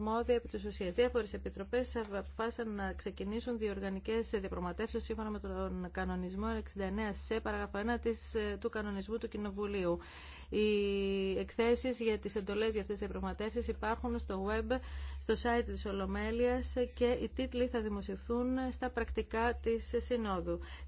αρμόδια επί τη ουσία. Διάφορε επιτροπέ αποφάσισαν να ξεκινήσουν διοργανικέ διαπραγματεύσει σύμφωνα με τον κανονισμό 69 σε παράγραφο 1 της, ε, του κανονισμού του Κοινοβουλίου. Οι εκθέσει για τι εντολέ για αυτέ τι διαπραγματεύσει υπάρχουν στο web, στο site τη Ολομέλειας και οι τίτλοι θα δημοσιευθούν στα πρακτικά τη Συνόδου.